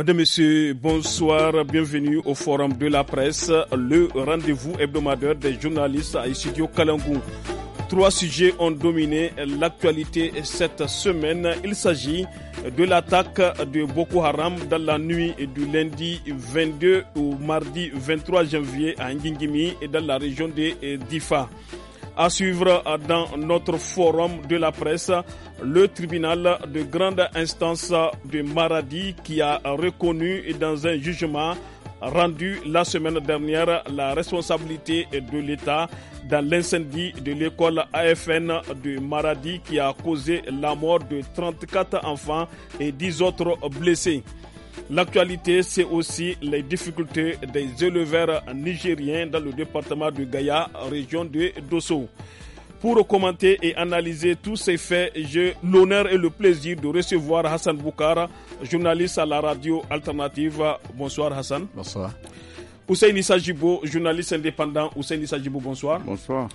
Madame, Messieurs, bonsoir, bienvenue au Forum de la presse, le rendez-vous hebdomadaire des journalistes à Studio Kalangou. Trois sujets ont dominé l'actualité cette semaine. Il s'agit de l'attaque de Boko Haram dans la nuit du lundi 22 au mardi 23 janvier à Ngingimi et dans la région de Difa à suivre dans notre forum de la presse le tribunal de grande instance de Maradi qui a reconnu dans un jugement rendu la semaine dernière la responsabilité de l'État dans l'incendie de l'école AFN de Maradi qui a causé la mort de 34 enfants et 10 autres blessés. L'actualité, c'est aussi les difficultés des éleveurs nigériens dans le département de Gaïa, région de Dosso. Pour commenter et analyser tous ces faits, j'ai l'honneur et le plaisir de recevoir Hassan Boukara, journaliste à la radio alternative. Bonsoir Hassan. Bonsoir. Hussein Issa journaliste indépendant. Hussein Issa bonsoir. Bonsoir.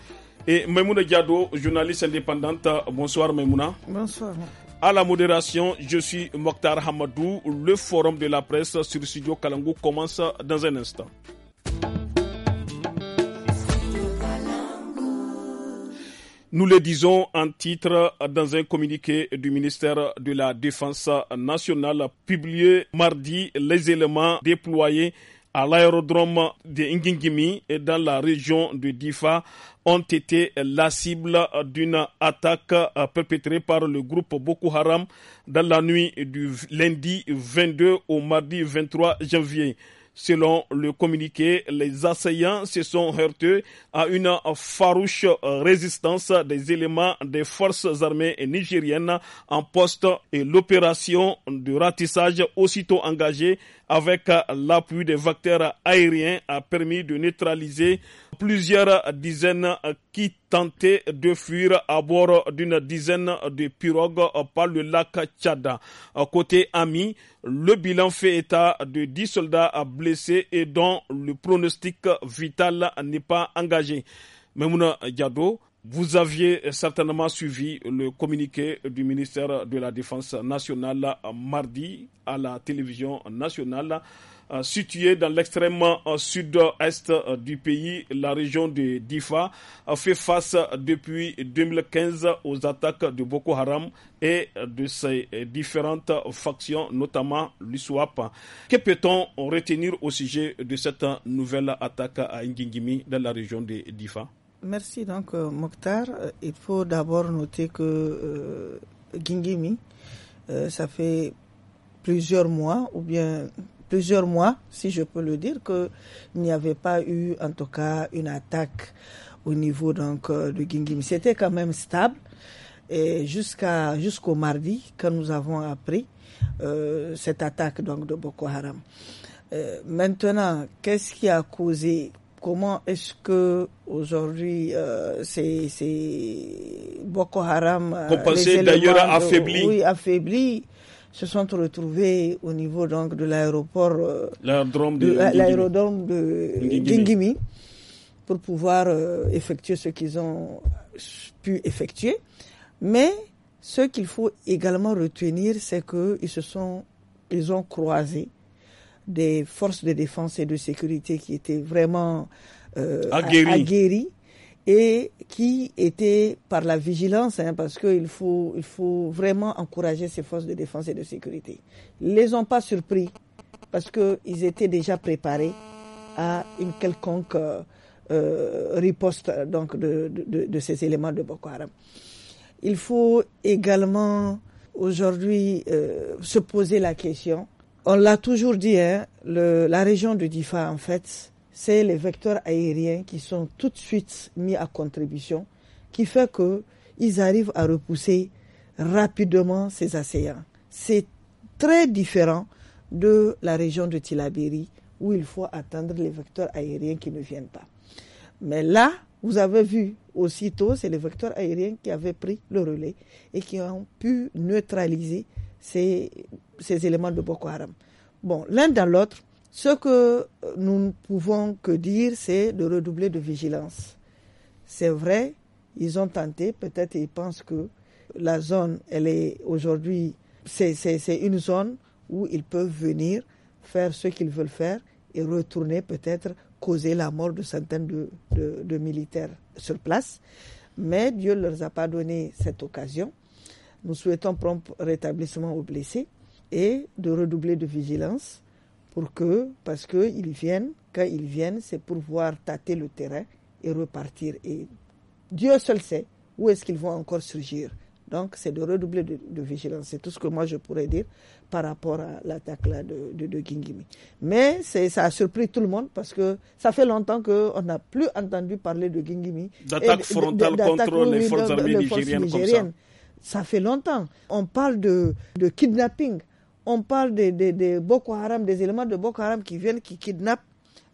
Et Maimouna Diado, journaliste indépendante. Bonsoir Maimouna. Bonsoir. À la modération, je suis Mokhtar Hamadou. Le forum de la presse sur le Studio Kalangou commence dans un instant. Nous le disons en titre dans un communiqué du ministère de la Défense nationale publié mardi les éléments déployés à l'aérodrome de Ngingimi et dans la région de Difa ont été la cible d'une attaque perpétrée par le groupe Boko Haram dans la nuit du lundi 22 au mardi 23 janvier. Selon le communiqué, les assaillants se sont heurtés à une farouche résistance des éléments des forces armées nigériennes en poste et l'opération de ratissage aussitôt engagée avec euh, l'appui des vecteurs aériens, a permis de neutraliser plusieurs dizaines euh, qui tentaient de fuir à bord d'une dizaine de pirogues euh, par le lac Tchad. Côté ami, le bilan fait état de 10 soldats blessés et dont le pronostic vital n'est pas engagé. Memouna Diado, vous aviez certainement suivi le communiqué du ministère de la Défense nationale mardi à la télévision nationale. Euh, située dans l'extrême euh, sud-est euh, du pays, la région de Difa a fait face depuis 2015 aux attaques de Boko Haram et de ses différentes factions, notamment l'ISWAP. Que peut-on retenir au sujet de cette nouvelle attaque à Ngingimi dans la région de Difa? Merci donc euh, Mokhtar. Euh, il faut d'abord noter que euh, Gingimi, euh, ça fait plusieurs mois, ou bien plusieurs mois, si je peux le dire, qu'il n'y avait pas eu en tout cas une attaque au niveau donc de Gingimi. C'était quand même stable et jusqu'à jusqu'au mardi quand nous avons appris cette attaque donc de Boko Haram. maintenant, qu'est-ce qui a causé comment est-ce que aujourd'hui euh, c'est Boko Haram euh, qu'on pensait d'ailleurs affaibli oui affaibli se sont retrouvés au niveau donc de l'aéroport euh, l'aérodrome de, pour pouvoir effectuer ce qu'ils ont pu effectuer mais ce qu'il faut également retenir c'est que ils se sont ils ont croisé des forces de défense et de sécurité qui étaient vraiment euh, aguerries. et qui étaient par la vigilance, hein, parce qu'il faut, il faut vraiment encourager ces forces de défense et de sécurité. Ils les ont pas surpris parce qu'ils étaient déjà préparés à une quelconque euh, euh riposte donc de, de, de, ces éléments de Boko Haram. Il faut également aujourd'hui euh, se poser la question on l'a toujours dit, hein, la région de Difa, en fait, c'est les vecteurs aériens qui sont tout de suite mis à contribution, qui fait qu'ils arrivent à repousser rapidement ces assaillants. C'est très différent de la région de Tilabiri, où il faut attendre les vecteurs aériens qui ne viennent pas. Mais là, vous avez vu aussitôt, c'est les vecteurs aériens qui avaient pris le relais et qui ont pu neutraliser ces ces éléments de Boko Haram. Bon, l'un dans l'autre, ce que euh, nous ne pouvons que dire, c'est de redoubler de vigilance. C'est vrai, ils ont tenté, peut-être ils pensent que la zone, elle est aujourd'hui, c'est une zone où ils peuvent venir faire ce qu'ils veulent faire et retourner peut-être causer la mort de centaines de, de, militaires sur place. Mais Dieu ne leur a pas donné cette occasion. Nous souhaitons prompt rétablissement aux blessés et de redoubler de vigilance pour que, parce qu'ils viennent, quand ils viennent, c'est pour voir tâter le terrain et repartir. Et Dieu seul sait où est-ce qu'ils vont encore surgir. Donc, c'est de redoubler de, vigilance. C'est tout ce que moi je pourrais dire par rapport à l'attaque là de, de, Gingimi. Mais ça a surpris tout le monde parce que ça fait longtemps qu'on n'a plus entendu parler de Gingimi. D'attaque frontale contre les forces armées nigériennes. ça. fait longtemps. On parle de kidnapping on parle de, Boko Haram, des éléments de Boko Haram qui viennent, qui kidnappent,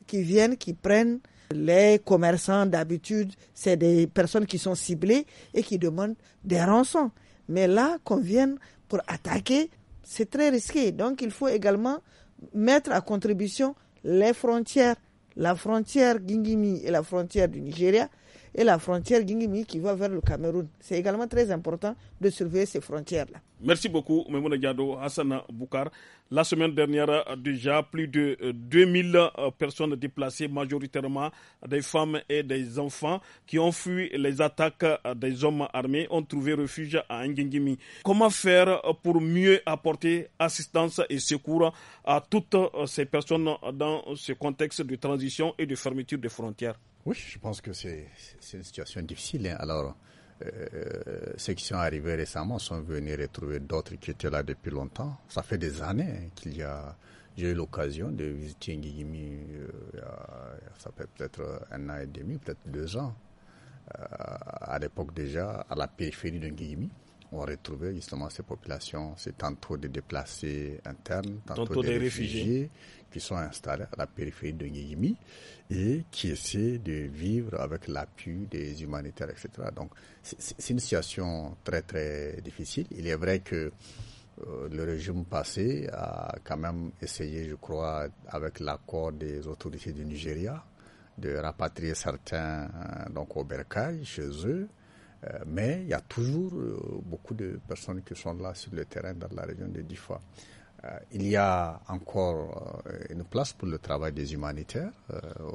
qui viennent, qui prennent les commerçants d'habitude. C'est des personnes qui sont ciblées et qui demandent des rançons. Mais là, qu'on vienne pour attaquer, c'est très risqué. Donc, il faut également mettre à contribution les frontières. La frontière Gingimi et la frontière du Nigeria, et la frontière Guingimi qui va vers le Cameroun. C'est également très important de surveiller ces frontières-là. Merci beaucoup, Memouna Diado, Hassana Boukar. La semaine dernière, euh, déjà, plus de 2000 euh, euh, personnes déplacées, majoritairement des femmes et des enfants, qui ont fui les attaques des hommes armés, ont trouvé refuge à Ngengimi. Comment faire pour mieux apporter assistance et secours à toutes ces personnes dans ce contexte de transition et de fermeture des frontières oui, je pense que c'est une situation difficile. Hein. Alors, euh, ceux qui sont arrivés récemment sont venus retrouver d'autres qui étaient là depuis longtemps. Ça fait des années hein, qu'il y a. J'ai eu l'occasion de visiter Ngigimi euh, ça fait peut-être un an et demi, peut-être deux ans, euh, à l'époque déjà, à la périphérie de Nguigimi on retrouvait justement ces populations, c'est tantôt des déplacés internes, tantôt, des, réfugiés, qui sont installés à la périphérie de Niamey et qui essaient de vivre avec l'appui des humanitaires, etc. Donc c'est une situation très très difficile. Il est vrai que euh, le régime passé a quand même essayé, je crois, avec l'accord des autorités du Nigeria, de rapatrier certains euh, donc au Berkay, chez eux. Euh, mais il y a toujours euh, beaucoup de personnes qui sont là sur le terrain dans la région de Difa. Euh, il y a encore une place pour le travail des humanitaires.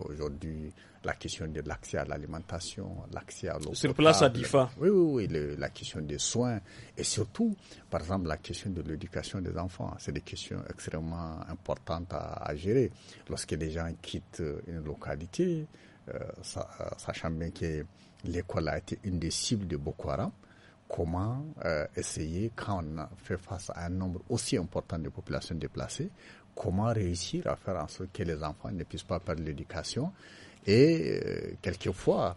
Aujourd'hui, la question de l'accès à l'alimentation, l'accès à l'eau. Sur place à Difa. Oui, oui, oui. la question des soins et surtout, par exemple, la question de l'éducation des enfants. C'est des questions extrêmement importantes à, gérer. Lorsque les gens quittent une localité, sachant bien que l'école a été une des cibles de Boko Haram, comment euh, essayer, quand on fait face à un nombre aussi important de populations déplacées, comment réussir à faire en sorte que les enfants ne puissent pas perdre l'éducation. Et euh, quelquefois,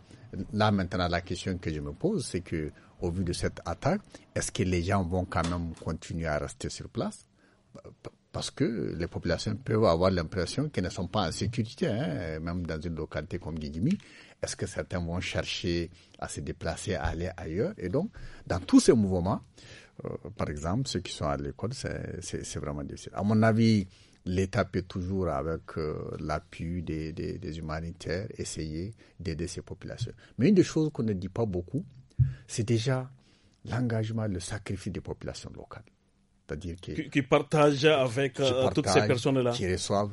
là maintenant, la question que je me pose, c'est que au vu de cette attaque, est-ce que les gens vont quand même continuer à rester sur place bah, parce que les populations peuvent avoir l'impression qu'elles ne sont pas en sécurité, hein, même dans une localité comme Guigimi. Est-ce que certains vont chercher à se déplacer, à aller ailleurs Et donc, dans tous ces mouvements, euh, par exemple, ceux qui sont à l'école, c'est vraiment difficile. À mon avis, l'État peut toujours, avec euh, l'appui des, humanitaires, essayer d'aider ces populations. Mais une des choses qu'on ne dit pas beaucoup, c'est déjà l'engagement, le sacrifice des populations locales. C'est-à-dire qui, partagent avec euh, toutes ces personnes-là. Qui reçoivent.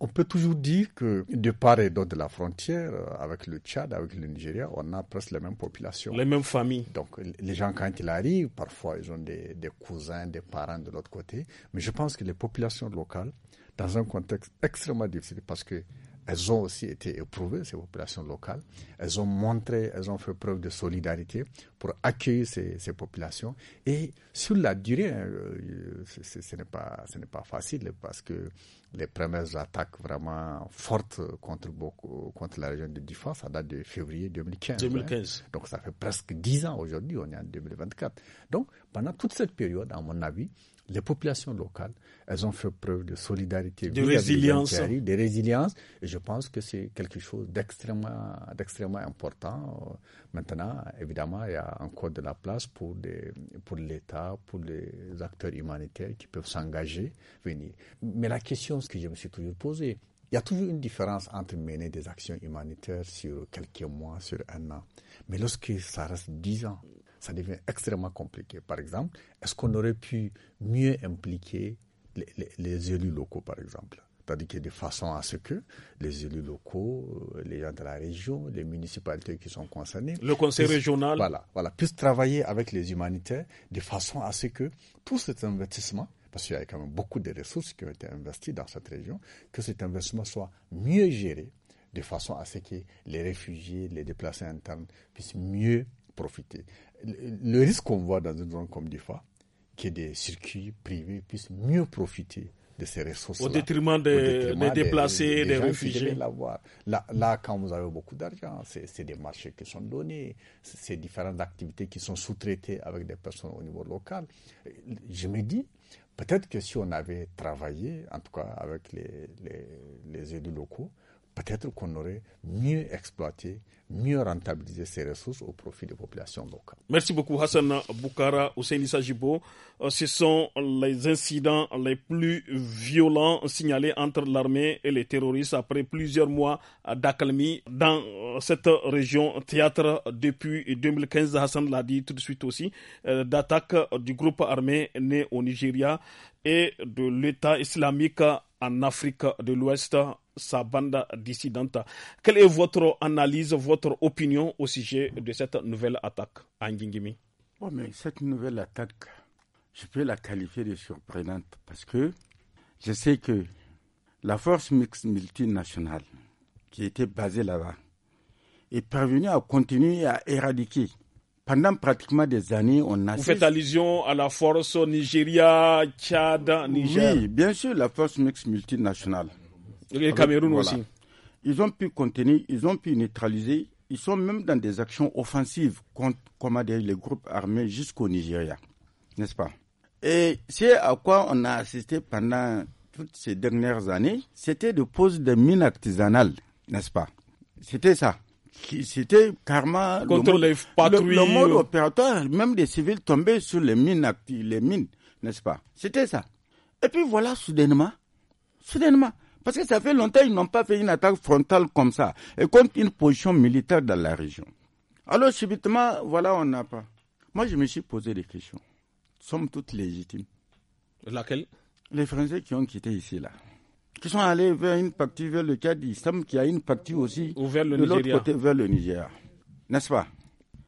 On peut toujours dire que de part et d'autre de la frontière, euh, avec le Tchad, avec le Nigeria, on a presque la même population. Les mêmes familles. Donc les gens, quand ils arrivent, parfois ils ont des cousins, des parents de l'autre côté. Mais je pense que les populations locales, dans un contexte extrêmement difficile, parce que elles ont aussi été éprouvées, ces populations locales. Elles ont montré, elles ont fait preuve de solidarité pour accueillir ces, populations. Et sur la durée, hein, euh, ce n'est pas, facile parce que les premières attaques vraiment fortes contre, contre la région de Diffa, ça date de février 2015. 2015. Hein. Donc ça fait presque dix ans aujourd'hui, on est en 2024. Donc pendant toute cette période, à mon avis, les populations locales, elles ont fait preuve de solidarité, de résilience. de je pense que c'est quelque chose d'extrêmement, important. Euh, maintenant, évidemment, il y a encore de la place pour, pour l'État, pour les acteurs humanitaires qui peuvent s'engager, venir. Mais la question ce que je me suis toujours posée, il y a toujours une différence entre mener des actions humanitaires sur quelques mois, sur un an. Mais lorsque ça reste dix ans, ça devient extrêmement compliqué. Par exemple, est-ce qu'on aurait pu mieux impliquer les, élus locaux, par exemple c'est-à-dire que de façon à ce que les élus locaux, euh, les gens de la région, les municipalités qui sont concernées, le conseil régional, voilà, voilà, puissent travailler avec les humanitaires de façon à ce que tout cet investissement, parce qu'il y a quand même beaucoup de ressources qui ont été investies dans cette région, que cet investissement soit mieux géré de façon à ce que les réfugiés, les déplacés internes puissent mieux profiter le risque qu'on voit dans une zone comme DIFA, que des circuits privés puissent mieux profiter de ces ressources Au détriment des, déplacés, des, réfugiés. Là, là, quand vous avez beaucoup d'argent, c'est des marchés qui sont donnés, c'est différentes activités qui sont sous-traitées avec des personnes au niveau local. Je me dis, peut-être que si on avait travaillé, en tout cas avec les, les, les élus locaux, peut-être qu'on aurait mieux exploité, mieux rentabilisé ces ressources au profit des populations locales. Merci beaucoup Hassan Boukara, Hussein Sajibo. Euh, ce sont les incidents les plus violents signalés entre l'armée et les terroristes après plusieurs mois d'accalmie dans euh, cette région théâtre depuis 2015. Hassan l'a dit tout de suite aussi, euh, d'attaques du groupe armé né au Nigeria et de l'État islamique en Afrique de l'Ouest sa bande dissidente. Quelle est votre analyse, votre opinion au sujet de cette nouvelle attaque à Ndingimi oh, mais Cette nouvelle attaque, je peux la qualifier de surprenante parce que je sais que la force mixte multinationale qui était basée là-bas est parvenue à continuer à éradiquer pendant pratiquement des années, on a. Vous faites allusion à la force Nigeria, Tchad, Niger. Oui, bien sûr, la force mixte multinationale. Les Cameroun aussi. Ils ont pu contenir, ils ont pu neutraliser. Ils sont même dans des actions offensives contre les groupes armés jusqu'au Nigeria, n'est-ce pas Et c'est à quoi on a assisté pendant toutes ces dernières années, c'était de pose de mines artisanales, n'est-ce pas C'était ça. C'était karma. Contre les patrouilles. Le, mode euh. opératoire, même des civils tombaient sur les mines, les mines n'est-ce pas C'était ça. Et puis voilà, soudainement, soudainement, parce que ça fait longtemps qu'ils n'ont pas fait une attaque frontale comme ça, et contre une position militaire dans la région. Alors subitement, voilà, on n'a pas. Moi, je me suis posé des questions. Sommes toutes légitimes. Laquelle Les Français qui ont quitté ici, là. Qui sont allés vers une partie, vers le Tchad, il semble qu'il y a une partie aussi Ou vers le de l'autre côté, vers le Nigeria. N'est-ce pas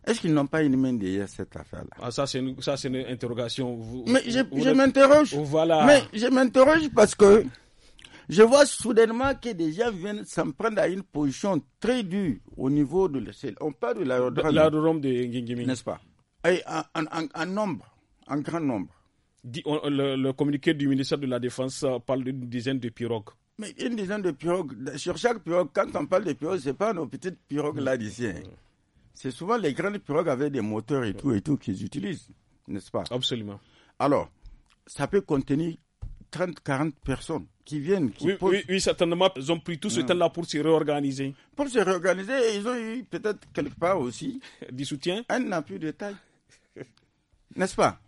est-ce qu'ils n'ont pas une main derrière cette affaire-là ah, Ça, c'est une, une, interrogation. Vous, mais je, je m'interroge. Voilà. Mais je m'interroge parce que je vois soudainement que des gens viennent s'en prendre à une position très dure au niveau de On parle de l'aérodrome. de Ngingimi. N'est-ce pas Un nombre, en grand nombre. Le, communiqué du ministère de la Défense euh, parle d'une dizaine de pirogues. Mais une dizaine de pirogues, sur chaque pirogue, quand on parle de pirogues, ce n'est pas nos petites pirogues mm. là d'ici. Mm. C'est souvent les grandes pirogues avec des moteurs et tout et tout qu'ils utilisent, n'est-ce pas Absolument. Alors, ça peut contenir 30, 40 personnes qui viennent. Qui oui, posent... oui, certainement, ils ont pris tout ce ah. temps-là pour se réorganiser. Pour se réorganiser, ils ont eu peut-être quelque part aussi. du soutien n'a plus de taille. N'est-ce pas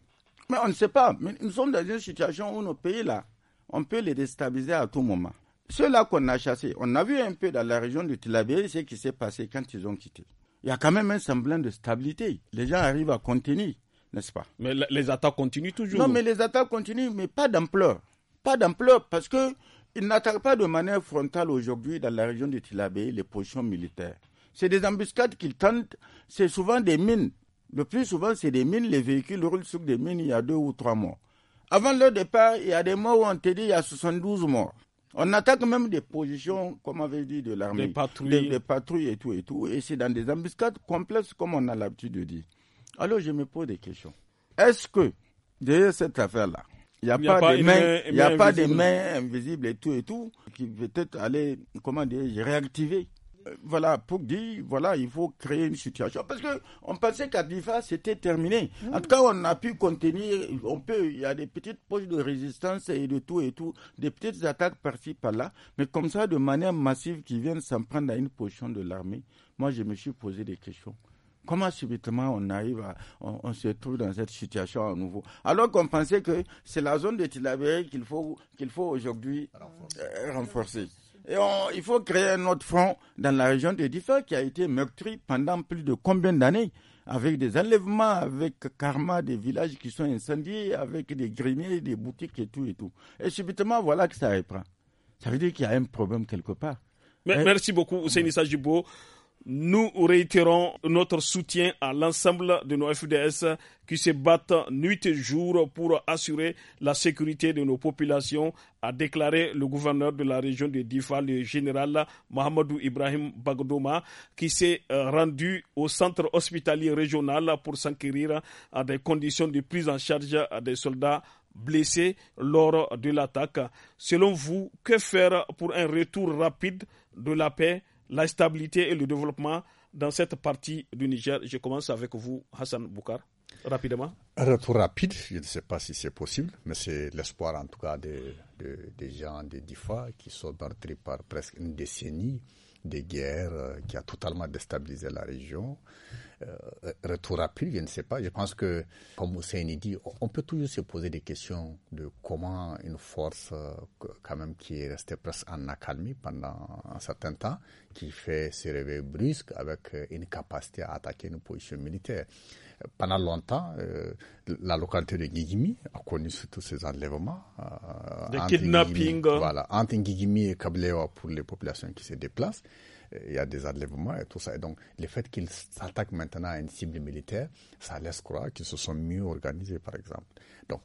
Mais on ne sait pas. Mais nous sommes dans une situation où nos pays-là, on peut les déstabiliser à tout moment. Ceux-là qu'on a chassés, on a vu un peu dans la région du Tilabé, ce qui s'est passé quand ils ont quitté. Il y a quand même un semblant de stabilité. Les gens arrivent à continuer, n'est-ce pas Mais les attaques continuent toujours. Non, mais les attaques continuent, mais pas d'ampleur pas d'ampleur parce que ils n'attaquent pas de manière frontale aujourd'hui dans la région de Tilabé les positions militaires. C'est des embuscades qu'ils tentent, c'est souvent des mines. Le plus souvent, c'est des mines, les véhicules roulent sur des mines, il y a deux ou trois mois. Avant leur départ, il y a des morts où on t'a dit il y a 72 morts. On attaque même des positions, comme on avait dit, de l'armée. Des patrouilles. des, patrouilles et tout et tout. Et c'est dans des embuscades complexes, comme on a l'habitude de dire. Alors, je me pose des questions. Est-ce que, derrière cette affaire-là, n'y a, pas des mains invisibles a pas et tout et tout, qui peut-être aller, comment dire, réactiver. Euh, voilà, pour dire, voilà, il faut créer une situation. Parce qu'on pensait qu'à qu'Adifa, c'était terminé. En tout cas, on a pu contenir, on peut, il y a des petites poches de résistance et de tout et tout, des petites attaques par-ci, par-là, mais comme ça, de manière massive, qui viennent s'en prendre à une position de l'armée. Moi, je me suis posé des questions. Comment subitement on arrive on, se trouve dans cette situation à nouveau Alors qu'on pensait que c'est la zone de Tilabé qu'il faut, qu'il faut aujourd'hui euh, renforcer. Et il faut créer un autre front dans la région de Difa qui a été meurtri pendant plus de combien d'années avec des enlèvements, avec karma des villages qui sont incendiés, avec des greniers, des boutiques et tout et tout. Et subitement, voilà que ça reprend. Ça veut dire qu'il y a un problème quelque part. Merci beaucoup, Nissa Dubo nous réitérons notre soutien à l'ensemble de nos FDS qui se battent nuit et jour pour assurer la sécurité de nos populations, a déclaré le gouverneur de la région de Difa, le général Mohamedou Ibrahim Bagdoma, qui s'est euh, rendu au centre hospitalier régional pour s'enquérir à des conditions de prise en charge des soldats blessés lors de l'attaque. Selon vous, que faire pour un retour rapide de la paix la stabilité et le développement dans cette partie du Niger. Je commence avec vous, Hassan Boukar, rapidement. Un retour rapide, je ne sais pas si c'est possible, mais c'est l'espoir en tout cas des, des gens de DIFA qui sont meurtris par presque une décennie de guerre euh, qui a totalement déstabilisé la région. Euh, retour rapide, je ne sais pas. Je pense que, comme Hussein dit, on peut toujours se poser des questions de comment une force, euh, quand même, qui est restée presque en accalmie pendant un certain temps, qui fait ses réveil brusque avec euh, une capacité à attaquer une position militaire. Pendant longtemps, la localité de Ngigimi a connu tous ces enlèvements. des kidnappings. Hein. Voilà, entre Ngigimi et Kablewa pour les populations qui se déplacent il y a des enlèvements et tout ça. Et donc, le fait qu'ils s'attaquent maintenant à une cible militaire, ça laisse croire qu'ils se sont mieux organisés, par exemple. Donc,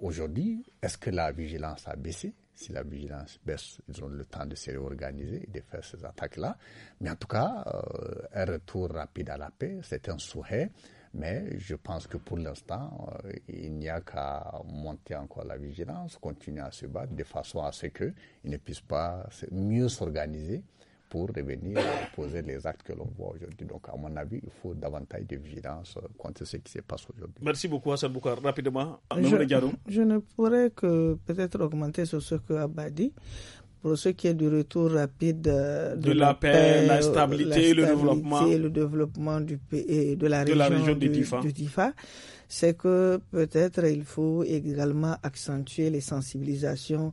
aujourd'hui, est-ce que la vigilance a baissé si la vigilance baisse, ils ont le temps de se réorganiser et de faire ces attaques-là. Mais en tout cas, euh, un retour rapide à la paix, c'est un souhait. Mais je pense que pour l'instant, euh, il n'y a qu'à monter encore la vigilance, continuer à se battre de façon à ce qu'ils ne puissent pas mieux s'organiser pour revenir poser les actes que l'on voit aujourd'hui. Donc, à mon avis, il faut davantage de vigilance contre ce qui se passe aujourd'hui. Merci beaucoup, Hassan Boukar. Rapidement, je, je ne pourrais que peut-être augmenter sur ce que Abadi, pour ce qui est du retour rapide euh, de, la, paix, de la, stabilité, et le développement, le développement du pays, euh, de la région, de la région du Tifa, c'est que peut-être il faut également accentuer les sensibilisations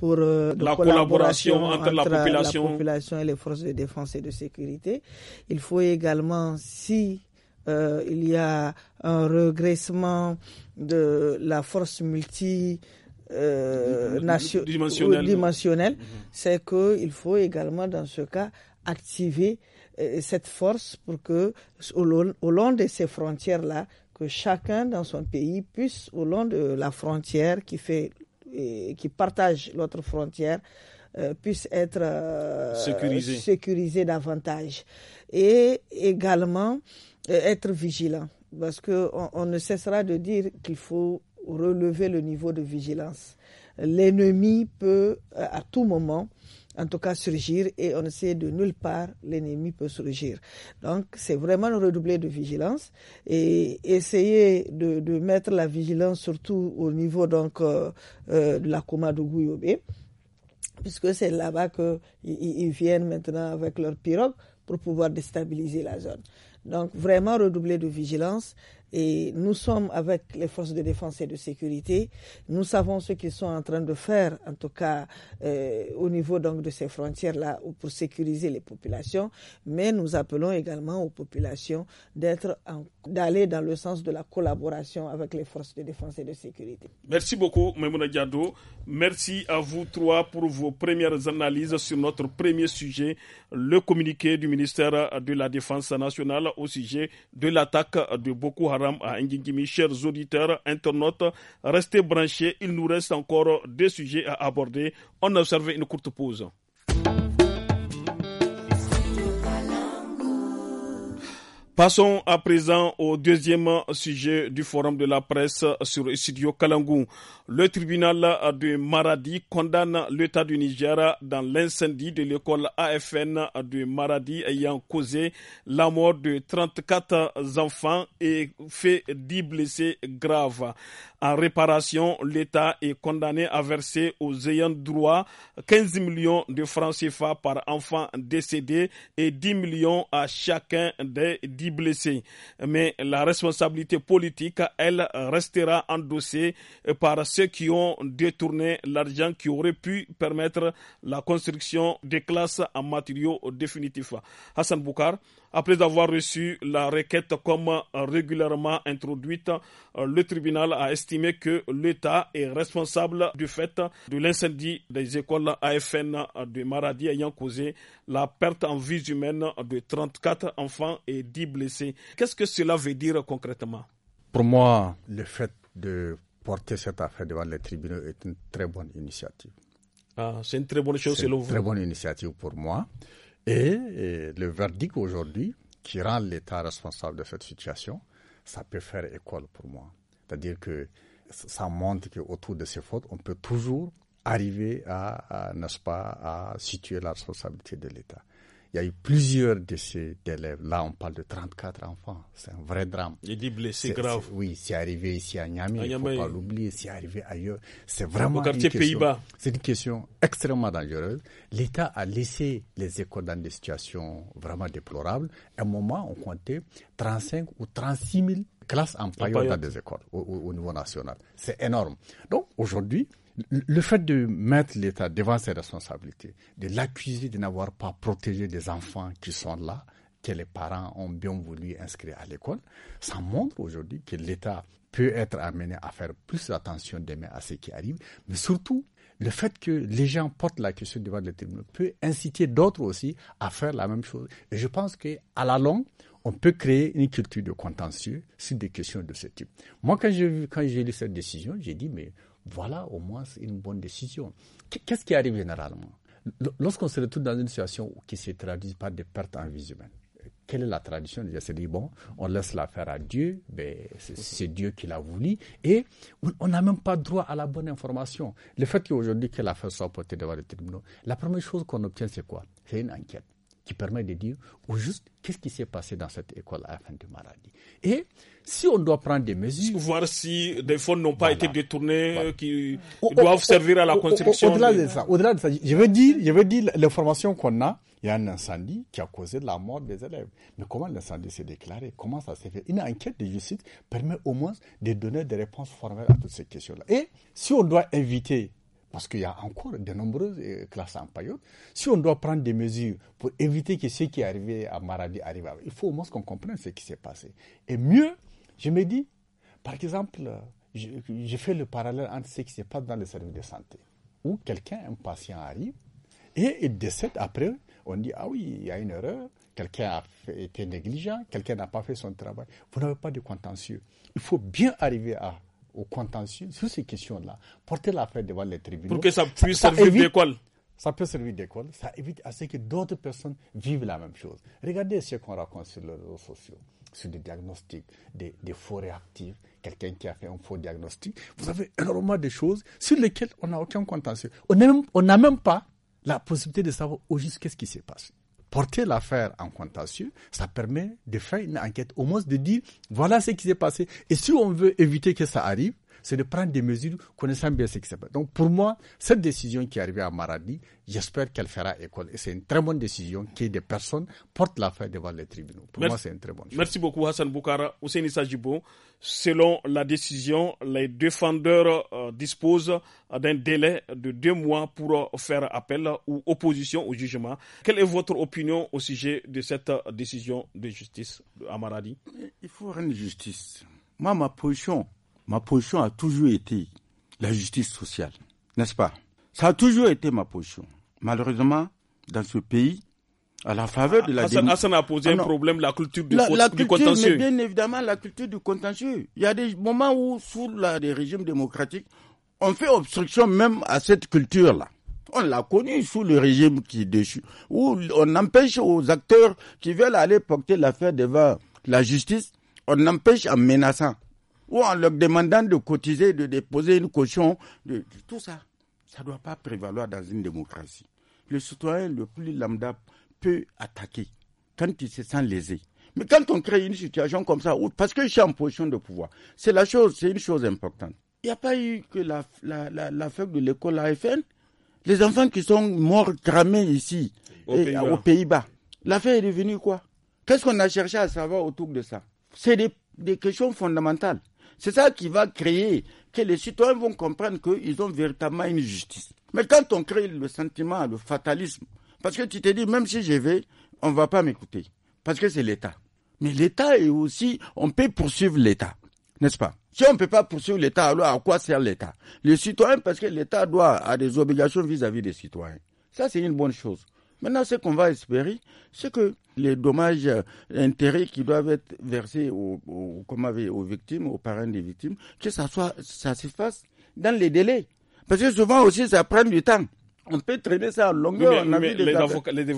pour euh, la collaboration, entre, la, euh, population. et les forces de défense et de sécurité. Il faut également, si euh, il y a un regressement de la force multi mhm. c'est qu'il faut également dans ce cas activer cette force pour que au long de ces frontières là que chacun dans son pays puisse au long de la frontière qui fait et qui partagent notre frontière puisse euh, puissent être euh, sécurisés. davantage et également euh, être vigilants parce qu'on on ne cessera de dire qu'il faut relever le niveau de vigilance l'ennemi peut à tout moment, en tout cas, surgir et on ne sait de nulle part, l'ennemi peut surgir. Donc, c'est vraiment redoubler de vigilance et essayer de, mettre la vigilance surtout au niveau euh, euh, de la coma de Gouyobé, puisque c'est là-bas qu'ils viennent maintenant avec leur pirogue pour pouvoir déstabiliser la zone. Donc, vraiment redoubler de vigilance et nous sommes avec les forces de défense et de sécurité. Nous savons ce qu'ils sont en train de faire, en tout cas euh, au niveau donc de ces frontières-là, pour sécuriser les populations. Mais nous appelons également aux populations d'être d'aller dans le sens de la collaboration avec les forces de défense et de sécurité. Merci beaucoup, Mme Diado. Merci à vous trois pour vos premières analyses sur notre premier sujet, le communiqué du ministère de la Défense nationale au sujet de l'attaque de Boko Haram à Chers auditeurs, internautes, restez branchés. Il nous reste encore des sujets à aborder. On observe une courte pause. Passons à présent au deuxième sujet du forum de la presse sur Studio Kalangou. Le tribunal de Maradi condamne l'État du Niger dans l'incendie de l'école AFN de Maradi ayant causé la mort de 34 enfants et fait 10 blessés graves. En réparation, l'État est condamné à verser aux ayants droit 15 millions de francs CFA par enfant décédé et 10 millions à chacun des 10 blessés. Mais la responsabilité politique, elle, restera endossée par ceux qui ont détourné l'argent qui aurait pu permettre la construction des classes en matériaux définitifs. Hassan Boukar, après avoir reçu la requête comme euh, régulièrement introduite, euh, le tribunal a estimé que l'État est responsable du fait de l'incendie des écoles AFN de Maradi ayant causé la perte en vie humaine de 34 enfants et 10 blessés. Qu'est-ce que cela veut dire concrètement Pour moi, le fait de porter cette affaire devant les tribunaux est une très bonne initiative. Ah, c'est une très bonne chose selon vous. Très bonne initiative pour moi. Et, le verdict aujourd'hui, qui rend l'État responsable de cette situation, ça peut faire école pour moi. C'est-à-dire que ça montre qu'autour de ces fautes, on peut toujours arriver à n'est-ce pas, à situer la responsabilité de l'État. Il y a eu plusieurs décès d'élèves. Là, on parle de 34 enfants. C'est un vrai drame. Il dit blessé grave. oui, c'est arrivé ici à Niamey. Il ne faut pas l'oublier. C'est arrivé ailleurs. C'est vraiment une question, C'est une question extrêmement dangereuse. L'État a laissé les écoles dans des situations vraiment déplorables. À un moment, on comptait 35 ou 36 000 classes en paillot dans des écoles au niveau national. C'est énorme. Donc, aujourd'hui, le fait de mettre l'État devant ses responsabilités, de l'accuser de n'avoir pas protégé des enfants qui sont là, que les parents ont bien voulu inscrire à l'école, ça montre aujourd'hui que l'État peut être amené à faire plus attention demain à ce qui arrive, mais surtout, le fait que les gens portent la question devant le tribunal peut inciter d'autres aussi à faire la même chose. Et je pense qu'à la longue, on peut créer une culture de contentieux sur des questions de ce type. Moi, j'ai quand j'ai lu cette décision, j'ai dit, mais voilà, au moins, c'est une bonne décision. Qu'est-ce qui arrive généralement Lorsqu'on se retrouve dans une situation qui se traduit pas des pertes en vie humaine, quelle est la tradition Déjà, se dit, bon, on laisse l'affaire à Dieu, mais ben, c'est Dieu qui l'a voulu, et on n'a même pas droit à la bonne information. Le fait qu'aujourd'hui que l'affaire soit portée devant le tribunal, la première chose qu'on obtient, c'est quoi C'est une enquête qui permet de dire au juste qu'est-ce qui s'est passé dans cette école à la fin de maladie Et si on doit prendre des mesures. Voir si des fonds n'ont pas été détournés, euh, qui doivent servir à la construction. Au-delà de... ça, au-delà de ça, je veux dire, je veux dire, l'information qu'on a, il y a un incendie qui a causé la mort des élèves. Mais comment l'incendie s'est déclaré Comment ça s'est fait Une enquête de justice permet au moins de donner des réponses formelles à toutes ces questions-là. Et si on doit inviter parce qu'il y a encore de nombreuses euh, classes en paillote. Si on doit prendre des mesures pour éviter que ce qui est arrivé à Maradi arrive, il faut au moins qu'on comprenne ce qui s'est passé. Et mieux, je me dis, par exemple, je, fait fais le parallèle entre ce qui se passe dans le service de santé, où quelqu'un, un patient arrive, et il décède après, on dit, ah oui, il y a une erreur, quelqu'un a été négligent, quelqu'un n'a pas fait son travail. Vous n'avez pas de contentieux. Il faut bien arriver à au contentieux sur ces questions-là, porter l'affaire devant les tribunaux. Pour que ça puisse servir d'école. Ça peut servir d'école, ça évite à ce que d'autres personnes vivent la même chose. Regardez ce qu'on raconte sur les réseaux sociaux, sur des diagnostics, des, faux réactifs, quelqu'un qui a fait un faux diagnostic. Vous avez énormément de choses sur lesquelles on n'a aucun contentieux. On n'a même, pas la possibilité de savoir au juste qu'est-ce qui s'est passé porter l'affaire en contentieux, ça permet de faire une enquête, au moins de dire voilà ce qui s'est passé. Et si on veut éviter que ça arrive, c'est de prendre des mesures connaissant bien ce qui se passe. Donc pour moi, cette décision qui est arrivée à Maradi, j'espère qu'elle fera école. Et c'est une très bonne décision ait des personnes portent l'affaire devant les tribunaux. Pour moi, c'est une très bonne chose. Merci beaucoup Hassan Boukara. Ousseini Sajibo, selon la décision, les défendeurs euh, disposent d'un délai de deux mois pour euh, faire appel ou opposition au jugement. Quelle est votre opinion au sujet de cette euh, décision de justice à Maradi Il faut une justice. Moi, ma position, ma position a toujours été la justice sociale, n'est-ce pas Ça a toujours été ma position. Malheureusement, dans ce pays, à la faveur de la justice. démocratie. ça a posé ah un problème, la culture du, contentieux. Mais bien évidemment, la culture du contentieux. Il y a des moments où, sous les régimes démocratiques, on fait obstruction même à cette culture-là. On l'a connu sous le régime qui déchu, où on empêche aux acteurs qui veulent aller porter l'affaire devant la justice, on empêche en menaçant ou en leur demandant de cotiser, de déposer une caution, de, tout ça. Ça ne doit pas prévaloir dans une démocratie. Le citoyen le plus lambda peut attaquer quand il se sent lésé. Mais quand on crée une situation comme ça, parce que je suis en position de pouvoir, c'est la chose, c'est une chose importante. Il n'y a pas eu que la, la, la, de l'école AFN. Les enfants qui sont morts cramés ici, aux Pays-Bas. L'affaire est devenue quoi Qu'est-ce qu'on a cherché à savoir autour de ça C'est des questions fondamentales. C'est ça qui va créer que les citoyens vont comprendre qu'ils ont véritablement une justice. Mais quand on crée le sentiment, le fatalisme, parce que tu te dis, même si je vais, on ne va pas m'écouter, parce que c'est l'État. Mais l'État est aussi, on peut poursuivre l'État, n'est-ce pas Si on ne peut pas poursuivre l'État, alors à quoi sert l'État Les citoyens, parce que l'État doit a des obligations vis à -vis des citoyens. Ça, c'est une bonne chose. Maintenant, ce qu'on va espérer, c'est que les dommages euh, intérêts qui doivent être versés aux, aux victimes, aux parents des victimes, que ça, soit, ça se dans les délais. Parce que souvent aussi, ça prend du temps. On peut traîner ça à longueur. les, avocats, les,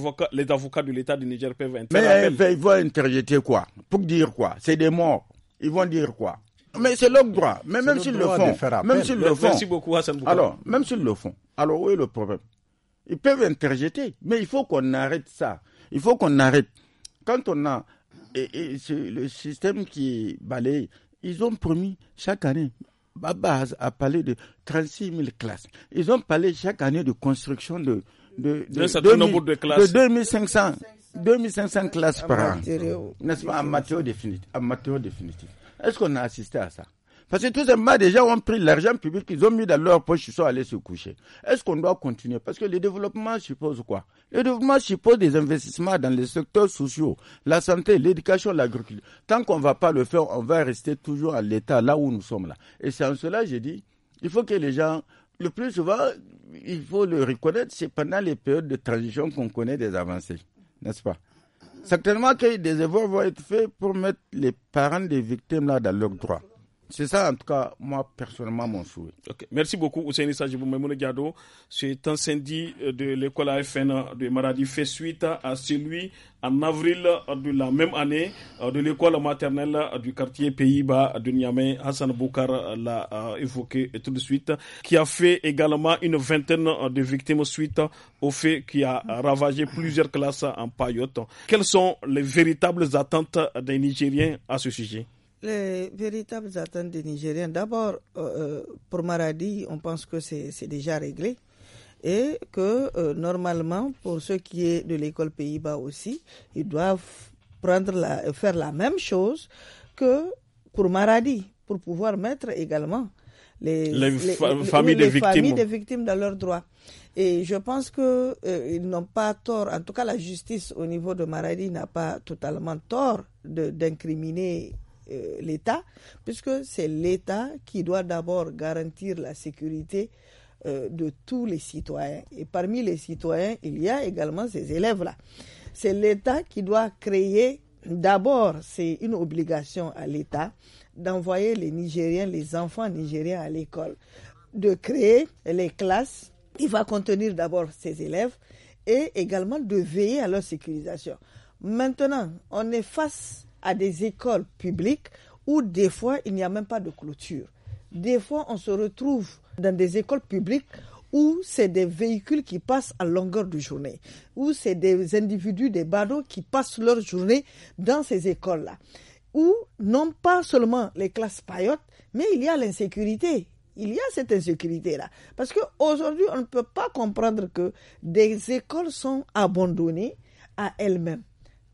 avocats, de l'État du Niger peuvent interjeter. Mais eh, ben, ils vont interjeter quoi Pour dire quoi C'est des morts. Ils vont dire quoi mais c'est leur droit. Mais même s'ils le font, même s'ils le font. Merci beaucoup, Hassan Alors, même s'ils le font. Alors, où est le problème ils peuvent interjeter, mais il faut qu'on arrête ça. Il faut qu'on arrête. Quand on a et, le système qui balaye, ils ont promis chaque année. Baba a parlé de 36 000 classes. Ils ont parlé chaque année de construction de, de, de, classes. 2500, classes par an. Oh. N'est-ce pas, en matière définitive. Est-ce qu'on a assisté à ça? Parce que tout simplement, des gens ont pris l'argent public, qu'ils ont mis dans leur poche, ils sont allés se coucher. Est-ce qu'on doit continuer Parce que le développement suppose quoi Le développement suppose des investissements dans les secteurs sociaux, la santé, l'éducation, l'agriculture. Tant qu'on ne va pas le faire, on va rester toujours à l'état, là où nous sommes là. Et c'est en cela, j'ai dit, il faut que les gens le plus souvent, il faut le reconnaître, c'est pendant les périodes de transition qu'on connaît des avancées, n'est-ce pas Certainement que des efforts vont être faits pour mettre les parents des victimes là dans leurs droits. C'est ça, en tout cas, moi, personnellement, mon souhait. Merci beaucoup, Ousseini Sajibou Diado. Cet incendie de l'école AFN de Maradi fait suite à celui en avril de la même année de l'école maternelle du quartier Pays-Bas de Niamey. Hassan Boukar l'a euh, évoqué tout de suite, qui a fait également une vingtaine de victimes suite au fait qui a ravagé plusieurs classes en paillote. Quelles sont les véritables attentes des Nigériens à ce sujet? les véritables attentes des Nigériens, d'abord, euh, euh, pour Maradi, on pense que c'est déjà réglé et que euh, normalement, pour ceux qui est de l'école Pays-Bas aussi, ils doivent prendre la, faire la même chose que pour Maradi, pour pouvoir mettre également les, familles, des victimes. dans leurs droits. Et je pense qu'ils n'ont pas tort, en tout cas la justice au niveau de Maradi n'a pas totalement tort d'incriminer euh, l'État, puisque c'est l'État qui doit d'abord garantir la sécurité euh, de tous les citoyens. Et parmi les citoyens, il y a également ces élèves-là. C'est l'État qui doit créer, d'abord, c'est une obligation à l'État d'envoyer les Nigériens, les enfants nigériens à l'école, de créer les classes. qui va contenir d'abord ces élèves et également de veiller à leur sécurisation. Maintenant, on est face à des écoles publiques où des fois il n'y a même pas de clôture. Des fois on se retrouve dans des écoles publiques où c'est des véhicules qui passent à longueur de journée, où c'est des individus, des badauds qui passent leur journée dans ces écoles-là, où non pas seulement les classes payotes, mais il y a l'insécurité. Il y a cette insécurité-là. Parce qu'aujourd'hui, on ne peut pas comprendre que des écoles sont abandonnées à elles-mêmes.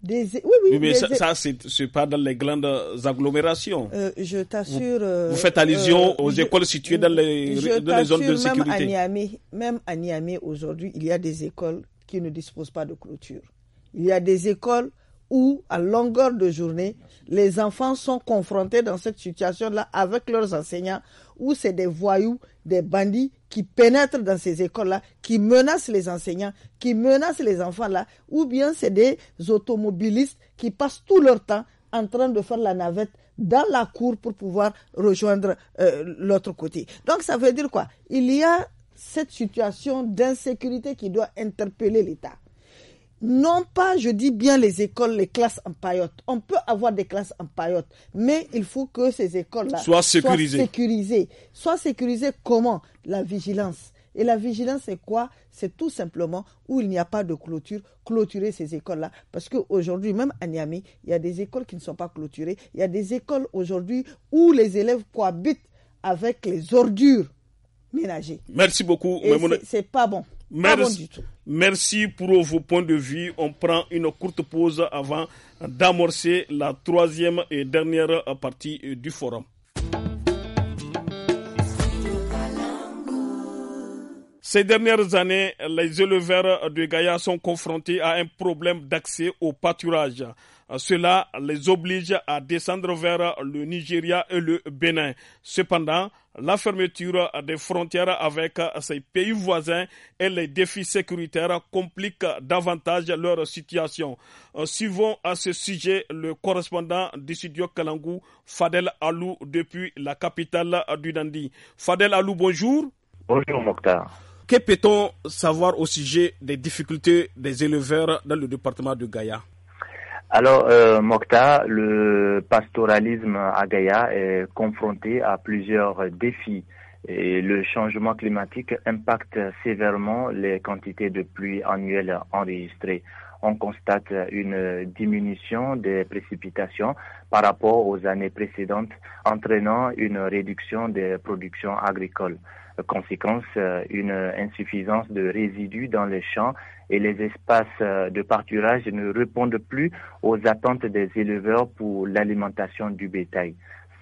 Oui, oui, mais ça, c'est pas dans les grandes agglomérations. Euh, je t'assure. Vous, euh, faites allusion euh, aux écoles situées dans les, zones de sécurité. Même à Niamey, même à Niamey aujourd'hui, il y a des écoles qui ne disposent pas de clôture. Il y a des écoles où, à longueur de journée, les enfants sont confrontés dans cette situation-là avec leurs enseignants, où c'est des voyous, des bandits qui pénètrent dans ces écoles-là, qui menacent les enseignants, qui menacent les enfants-là, ou bien c'est des automobilistes qui passent tout leur temps en train de faire la navette dans la cour pour pouvoir rejoindre euh, l'autre côté. Donc ça veut dire quoi Il y a cette situation d'insécurité qui doit interpeller l'État non pas, je dis bien les écoles, les classes en paillotte. On peut avoir des classes en paillotte, mais il faut que ces écoles-là soient sécurisées. Soient sécurisées. comment La vigilance. Et la vigilance, c'est quoi C'est tout simplement où il n'y a pas de clôture, clôturer ces écoles-là. Parce qu'aujourd'hui, même à Niamey, il y a des écoles qui ne sont pas clôturées. Il y a des écoles aujourd'hui où les élèves cohabitent avec les ordures ménagées. Merci beaucoup. C'est pas bon. Merci, pour vos points de vue. On prend une courte pause avant d'amorcer la troisième et dernière partie du forum. Ces dernières années, les éleveurs de Gaïa sont confrontés à un problème d'accès au pâturage. Cela les oblige à descendre vers le Nigeria et le Bénin. Cependant, la fermeture des frontières avec ces pays voisins et les défis sécuritaires compliquent davantage leur situation. Euh, suivons à ce sujet le correspondant du studio Fadel Alou, depuis la capitale du Dandi. Fadel Alou, bonjour. Bonjour Mokhtar. Que peut-on savoir au sujet des difficultés des éleveurs dans le département de Gaïa alors, euh, Mokta, le pastoralisme à Gaïa est confronté à plusieurs défis. Et le changement climatique impacte sévèrement les quantités de pluie annuelles enregistrées. On constate une diminution des précipitations par rapport aux années précédentes, entraînant une réduction des productions agricoles. Euh, conséquence euh, une insuffisance de résidus dans les champs et les espaces euh, de pâturage ne répondent plus aux attentes des éleveurs pour l'alimentation du bétail.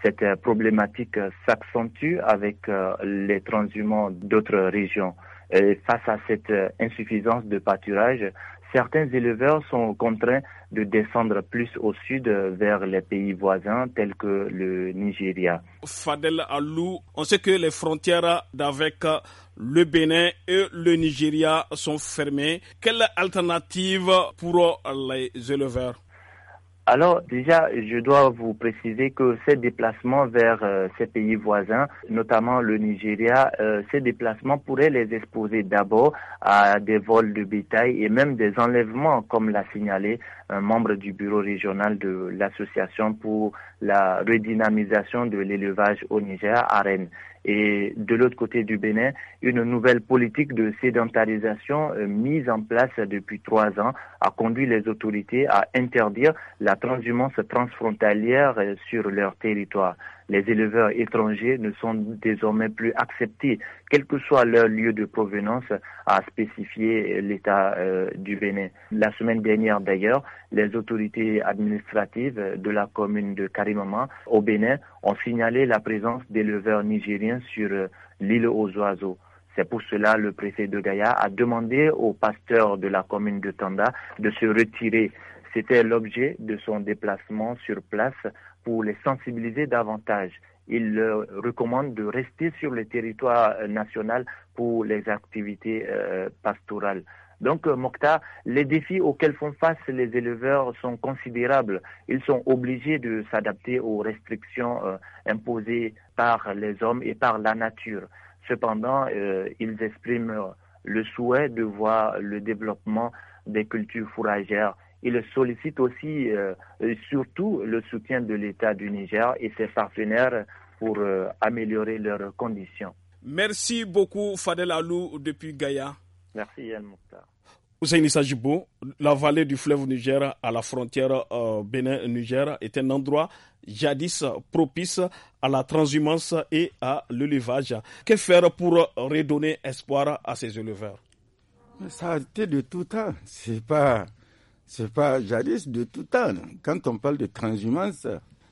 Cette problématique s'accentue avec les transhumants d'autres régions. Et face à cette insuffisance de pâturage, certains éleveurs sont contraints de descendre plus au sud euh, vers les pays voisins tels que le Nigeria. Fadel Alou, on sait que les frontières avec euh, le Bénin et le Nigeria sont fermées. Quelle alternative pour euh, les éleveurs alors déjà, je dois vous préciser que ces déplacements vers euh, ces pays voisins, notamment le Nigeria, euh, ces déplacements pourraient les exposer d'abord à des vols de bétail et même des enlèvements, comme l'a signalé un membre du bureau régional de l'association pour la redynamisation de l'élevage au Niger, à Rennes et de l'autre côté du Bénin, une nouvelle politique de sédentarisation euh, mise en place depuis trois ans a conduit les autorités à interdire la transhumance transfrontalière euh, sur leur territoire les éleveurs étrangers ne sont désormais plus acceptés, quel que soit leur lieu de provenance, à spécifier l'État euh, du Bénin. La semaine dernière, d'ailleurs, les autorités administratives de la commune de Karimama au Bénin ont signalé la présence d'éleveurs nigériens sur euh, l'île aux oiseaux. C'est pour cela que le préfet de Gaïa a demandé aux pasteurs de la commune de Tanda de se retirer. C'était l'objet de son déplacement sur place pour les sensibiliser davantage. Il recommande de rester sur le territoire euh, national pour les activités euh, pastorales. Donc, euh, Mokta, les défis auxquels font face les éleveurs sont considérables. Ils sont obligés de s'adapter aux restrictions imposées par les hommes et par la nature. Cependant, ils expriment le souhait de voir le développement des cultures fourragères il sollicite aussi euh, surtout le soutien de l'État du Niger et ses partenaires pour euh, améliorer leurs conditions. Merci beaucoup Fadel Alou depuis Gaïa. Merci Yann Mouktar. Hussein Sajibo, la vallée du fleuve Niger à la frontière euh, Bénin-Niger est un endroit jadis propice à la transhumance et à l'élevage. Que faire pour redonner espoir à ces éleveurs Ça a été de tout temps. C'est pas c'est pas jadis de tout temps. Quand on parle de transhumance,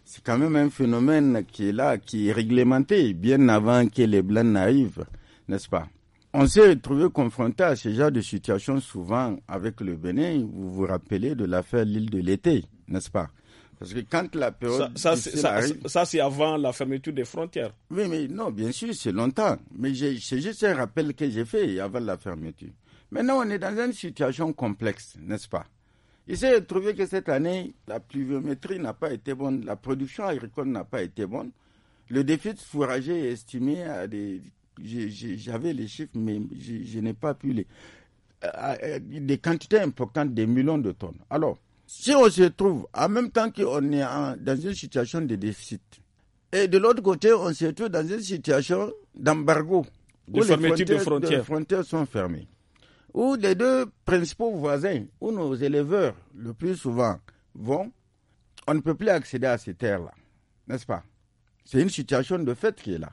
c'est quand même un phénomène qui est là, qui est réglementé bien avant que les Blancs n'arrivent, n'est-ce pas On s'est retrouvé confronté à ce genre de situation souvent avec le Bénin. Vous vous rappelez de l'affaire L'île de l'été, n'est-ce pas parce que quand la période. Ça, c'est avant la fermeture des frontières. Oui, mais non, bien sûr, c'est longtemps. Mais c'est juste un rappel que j'ai fait avant la fermeture. Maintenant, on est dans une situation complexe, n'est-ce pas il s'est trouvé que cette année, la pluviométrie n'a pas été bonne, la production agricole n'a pas été bonne. Le déficit fourrager est estimé à des. J'avais les chiffres, mais je, n'ai pas pu les. Des quantités importantes, des millions de tonnes. Alors, si on se trouve en même temps qu'on est dans une situation de déficit, et de l'autre côté, on se trouve dans une situation d'embargo. De Les frontières sont fermées où les deux principaux voisins, où nos éleveurs le plus souvent vont, on ne peut plus accéder à ces terres-là, n'est-ce pas C'est une situation de fait qui est là.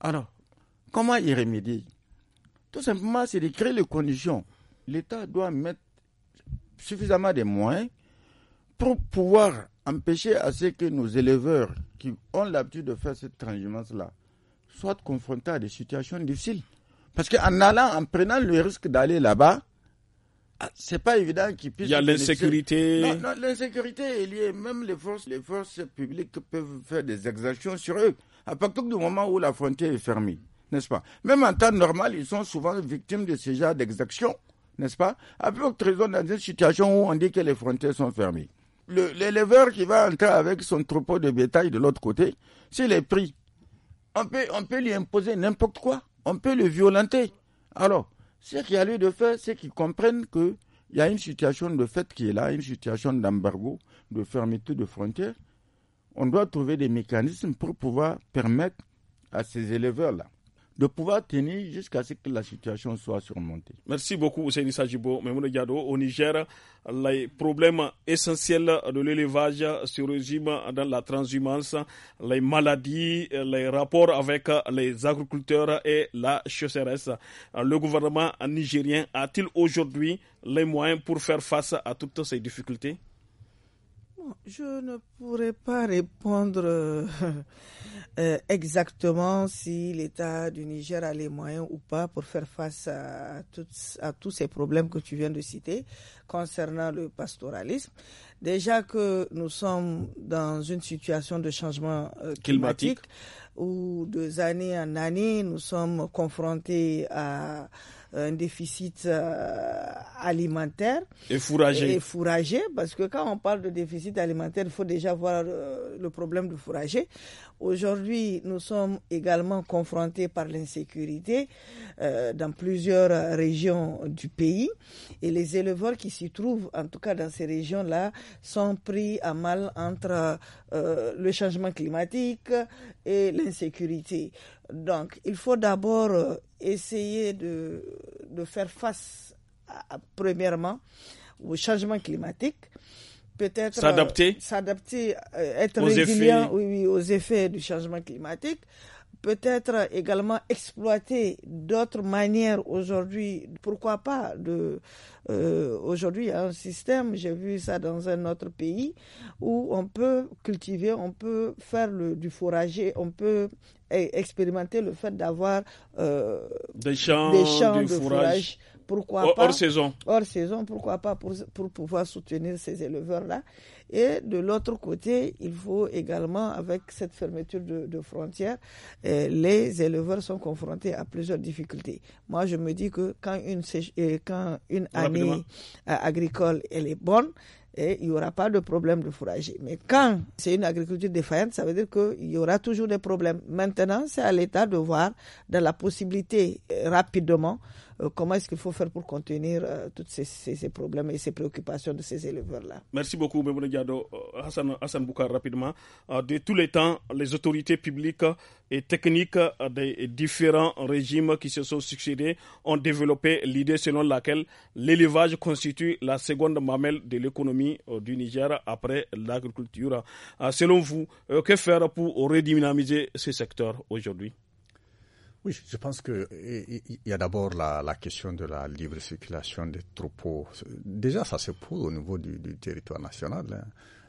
Alors, comment y remédier Tout simplement, c'est de créer les conditions. L'État doit mettre suffisamment de moyens pour pouvoir empêcher à ce que nos éleveurs qui ont l'habitude de faire cette transhumance-là soient confrontés à des situations difficiles. Parce qu'en allant, en prenant le risque d'aller là-bas, ah, c'est pas évident qu'il puisse. Il y a l'insécurité. Non, non l'insécurité est liée. Même les forces, les forces publiques peuvent faire des exactions sur eux. À partir du moment où la frontière est fermée, n'est-ce pas Même en temps normal, ils sont souvent victimes de ce genre d'exactions, n'est-ce pas À peu près dans une situation où on dit que les frontières sont fermées. L'éleveur qui va entrer avec son troupeau de bétail de l'autre côté, c'est les prix. on peut lui imposer n'importe quoi on peut le violenter. Alors, ce qu'il y a lieu de faire, c'est qu'ils comprennent qu'il y a une situation de fait qui est là, une situation d'embargo, de fermeture de frontières. On doit trouver des mécanismes pour pouvoir permettre à ces éleveurs-là de pouvoir tenir jusqu'à ce que la situation soit surmontée. Merci beaucoup, Ousseini Sajibo. Diado, au Niger, les problèmes essentiels de l'élevage se résument dans la transhumance, les maladies, les rapports avec les agriculteurs et la chasseresse. Le gouvernement nigérien a-t-il aujourd'hui les moyens pour faire face à toutes ces difficultés Je ne pourrais pas répondre. Euh, euh, exactement si l'État du Niger a les moyens ou pas pour faire face à, toutes à tous ces problèmes que tu viens de citer concernant le pastoralisme. Déjà que nous sommes dans une situation de changement euh, climatique, climatique, où de années en année, nous sommes confrontés à euh, un déficit euh, alimentaire. Et fourragé. parce que quand on parle de déficit alimentaire, il faut déjà voir euh, le problème du fourragé. Aujourd'hui, nous sommes également confrontés par l'insécurité dans plusieurs régions du pays. Et les éleveurs qui s'y trouvent, en tout cas dans ces régions-là, sont pris à mal entre le changement climatique et l'insécurité. Donc, il faut d'abord euh, essayer de, faire face, premièrement, au changement climatique. Peut-être s'adapter, euh, s'adapter, euh, être résilient aux effets du changement climatique peut-être également exploiter d'autres manières aujourd'hui. Pourquoi pas de euh, aujourd'hui un système, j'ai vu ça dans un autre pays où on peut cultiver, on peut faire du forager, on peut e, expérimenter le fait d'avoir euh, des champs, de fourrage. Pourquoi pas hors saison. Hors saison, pourquoi pas pour pouvoir soutenir ces éleveurs là et de l'autre côté, il faut également, avec cette fermeture de, frontières, euh, les éleveurs sont confrontés à plusieurs difficultés. Moi, je me dis que quand une, euh, année euh, agricole elle est bonne, il n'y aura pas de problème de fourrager. Mais quand c'est une agriculture défaillante, ça veut dire qu'il y aura toujours des problèmes. Maintenant, c'est à l'État de voir dans la possibilité rapidement euh, comment est-ce qu'il faut faire pour contenir euh, tous ces, problèmes et ces préoccupations de ces éleveurs-là. Merci beaucoup, Mme Diado. Euh, Hassan, Hassan Boukar, rapidement. De tous les temps, les autorités publiques et techniques des différents régimes qui se sont succédés ont développé l'idée selon laquelle l'élevage constitue la seconde mamelle de l'économie du Niger après l'agriculture. Selon vous, que faire pour redynamiser ce secteur aujourd'hui oui, je pense que il y a d'abord la, question de la libre circulation des troupeaux. Déjà, ça se pose au niveau du, territoire national. Hein.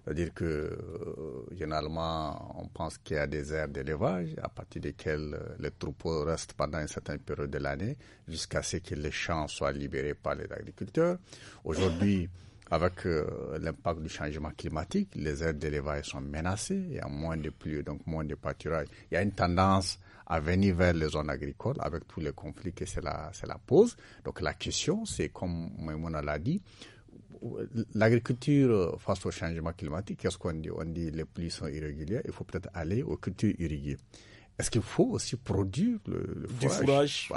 C'est-à-dire que euh, généralement, on pense qu'il y a des aires d'élevage à partir desquelles euh, les troupeaux restent pendant une certaine période de l'année jusqu'à ce que les champs soient libérés par les agriculteurs. Aujourd'hui, avec euh, l'impact du changement climatique, les aires d'élevage sont menacées, il y a moins de pluie, donc moins de pâturage. Il y a une tendance à venir vers les zones agricoles avec tous les conflits que cela, pose. Donc la question, c'est comme on l'a dit, l'agriculture face au changement climatique, qu'est-ce qu'on dit On dit les pluies sont irrégulières, il faut peut-être aller aux cultures irriguées. Est-ce qu'il faut aussi produire le, du fourrage,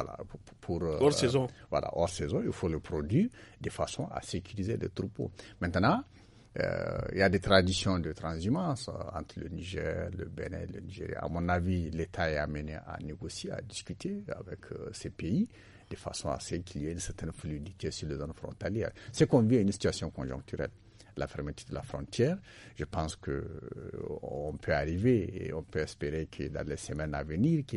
pour, hors euh, saison Voilà, hors saison, il faut le produire de façon à sécuriser les troupeaux. Maintenant, euh, il y a des traditions de transhumance euh, entre le Niger, le Bénin, le Nigeria. À mon avis, l'État est amené à négocier, à discuter avec euh, ces pays de façon à ce qu'il y ait une certaine fluidité sur les zones frontalières. C'est qu'on vit une situation conjoncturelle la fermeture de la frontière. Je pense que euh, on peut arriver et on peut espérer que dans les semaines à venir, que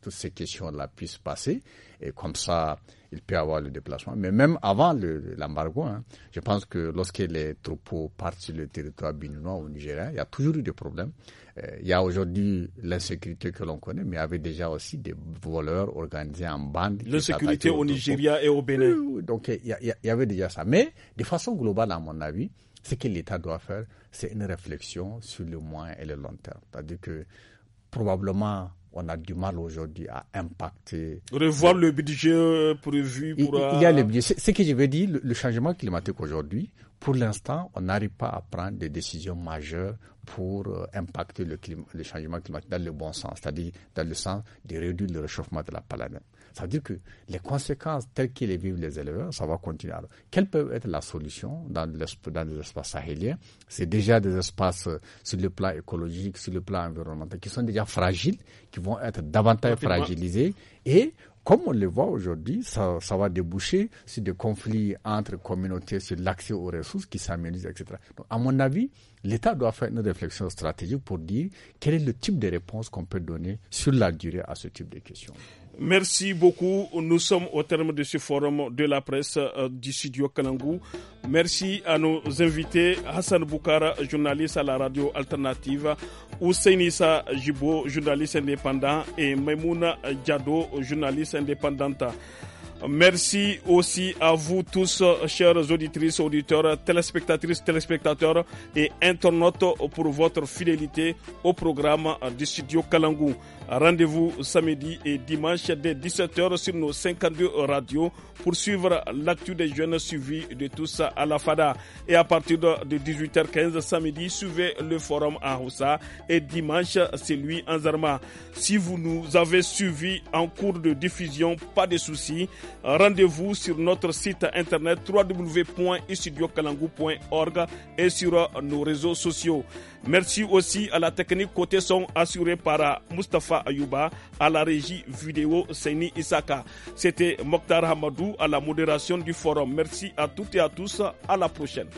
toutes ces questions-là puissent passer. Et comme ça, il peut y avoir le déplacement. Mais même avant l'embargo, hein, je pense que lorsque les troupeaux partent sur le territoire béninois ou nigérien, il y a toujours eu des problèmes. Euh, il y a aujourd'hui l'insécurité que l'on connaît, mais il y avait déjà aussi des voleurs organisés en bande. L'insécurité au Nigeria et au Bénin. donc il y, avait déjà ça. Mais de façon globale, à mon avis, ce que l'État doit faire, c'est une réflexion sur le moyen et le long terme. C'est-à-dire que probablement, on a du mal aujourd'hui à impacter. Revoir le budget prévu pour. Il, y a le budget. Ce que je veux dire, le changement climatique aujourd'hui, pour l'instant, on n'arrive pas à prendre des décisions majeures pour euh, impacter le, changement climatique dans le bon sens, c'est-à-dire dans le sens de réduire le réchauffement de la planète. Ça veut dire que les conséquences telles qu'elles les vivent les éleveurs, ça va continuer. Alors, quelle peut être la solution dans, les espaces sahéliens C'est déjà des espaces euh, sur le plan écologique, sur le plan environnemental, qui sont déjà fragiles, qui vont être davantage fragilisés. Et comme on le voit aujourd'hui, ça, va déboucher sur des conflits entre communautés, sur l'accès aux ressources qui s'aménagent, etc. Donc, à mon avis, l'État doit faire une réflexion stratégique pour dire quel est le type de réponse qu'on peut donner sur la durée à ce type de questions. Merci beaucoup. Nous sommes au terme de ce forum de la presse euh, du studio Kalangou. Merci à nos invités Hassan Boukara, journaliste à la radio alternative, Ousseinissa Jibo, journaliste indépendant, et Maimouna Diado, journaliste indépendante. Merci aussi à vous tous, chers auditrices, auditeurs, téléspectatrices, téléspectateurs et internautes pour votre fidélité au programme du studio Kalangou. Rendez-vous samedi et dimanche dès 17h sur nos 52 radios pour suivre l'actu des jeunes suivis de tous à la FADA. Et à partir de 18h15 samedi, suivez le forum à Roussa et dimanche, c'est lui en Zarma. Si vous nous avez suivis en cours de diffusion, pas de soucis. Rendez-vous sur notre site internet www.istudiokalangu.org et sur nos réseaux sociaux. Merci aussi à la technique côté son assurée par Mustafa Ayuba à la régie vidéo Seni Isaka. C'était Mokhtar Hamadou à la modération du forum. Merci à toutes et à tous. À la prochaine.